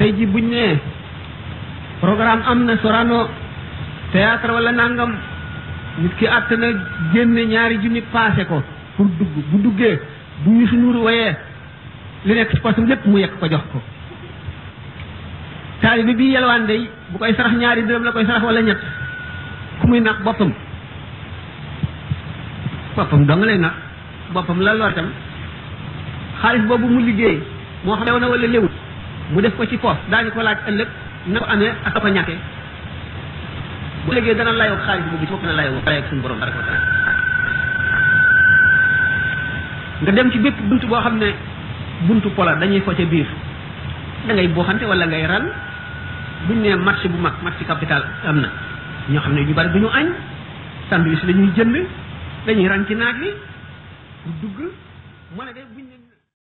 tey ji buñ nee programme am na Sorano théâtre wala nàngam nit ki àtt na génne ñaari junni paase ko pour dugg bu duggee bu ñu suñu wayee li nekk ci poosam lépp mu yekk ko jox ko taalibe bi yelwaan day bu koy sarax ñaari dërëm la koy sarax wala ñett ku muy nag boppam boppam dong lay nag boppam la lootam xaalis boobu mu liggéey moo xam ne wala léwut mu def ko ci poos daañu ko laaj ëllëg na ko amee ak a ko ñàkkee bu ëllëgee dana layoo xaalis boobu ci bopp dana layoo layoo ak suñu ko dara nga dem ci bépp bunt boo xam ne buntu pola dañuy fo ca biir dangay ngay booxante wala ngay ran buñ ne marché bu mag marché capital am na ñoo xam ne ñu bari bu ñu añ sandwich dañuy jënd dañuy ran ci naaj wi du dugg moo ne de buñ ne